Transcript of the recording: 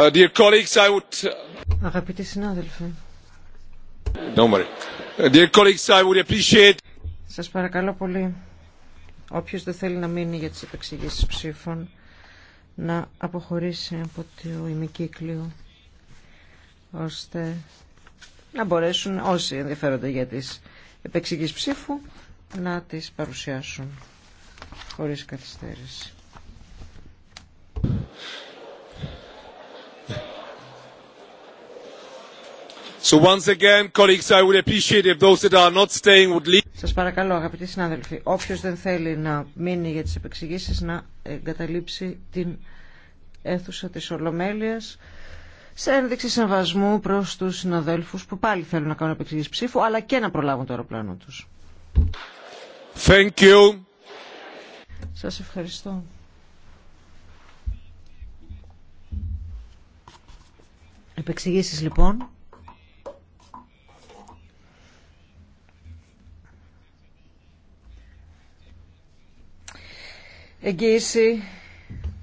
Uh, uh, Αγαπητοί συνάδελφοι, uh, σας παρακαλώ πολύ, όποιος δεν θέλει να μείνει για τις επεξηγήσεις ψήφων, να αποχωρήσει από το ημικύκλιο, ώστε να μπορέσουν όσοι ενδιαφέρονται για τις επεξηγήσεις ψήφου να τις παρουσιάσουν χωρίς καθυστέρηση. Σας παρακαλώ, αγαπητοί συνάδελφοι, όποιος δεν θέλει να μείνει για τις επεξηγήσεις να εγκαταλείψει την αίθουσα της Ολομέλειας σε ένδειξη συμβασμού προς τους συναδέλφους που πάλι θέλουν να κάνουν επεξηγήσεις ψήφου αλλά και να προλάβουν το αεροπλάνο τους. Thank Σας ευχαριστώ. Επεξηγήσεις λοιπόν. εγγύηση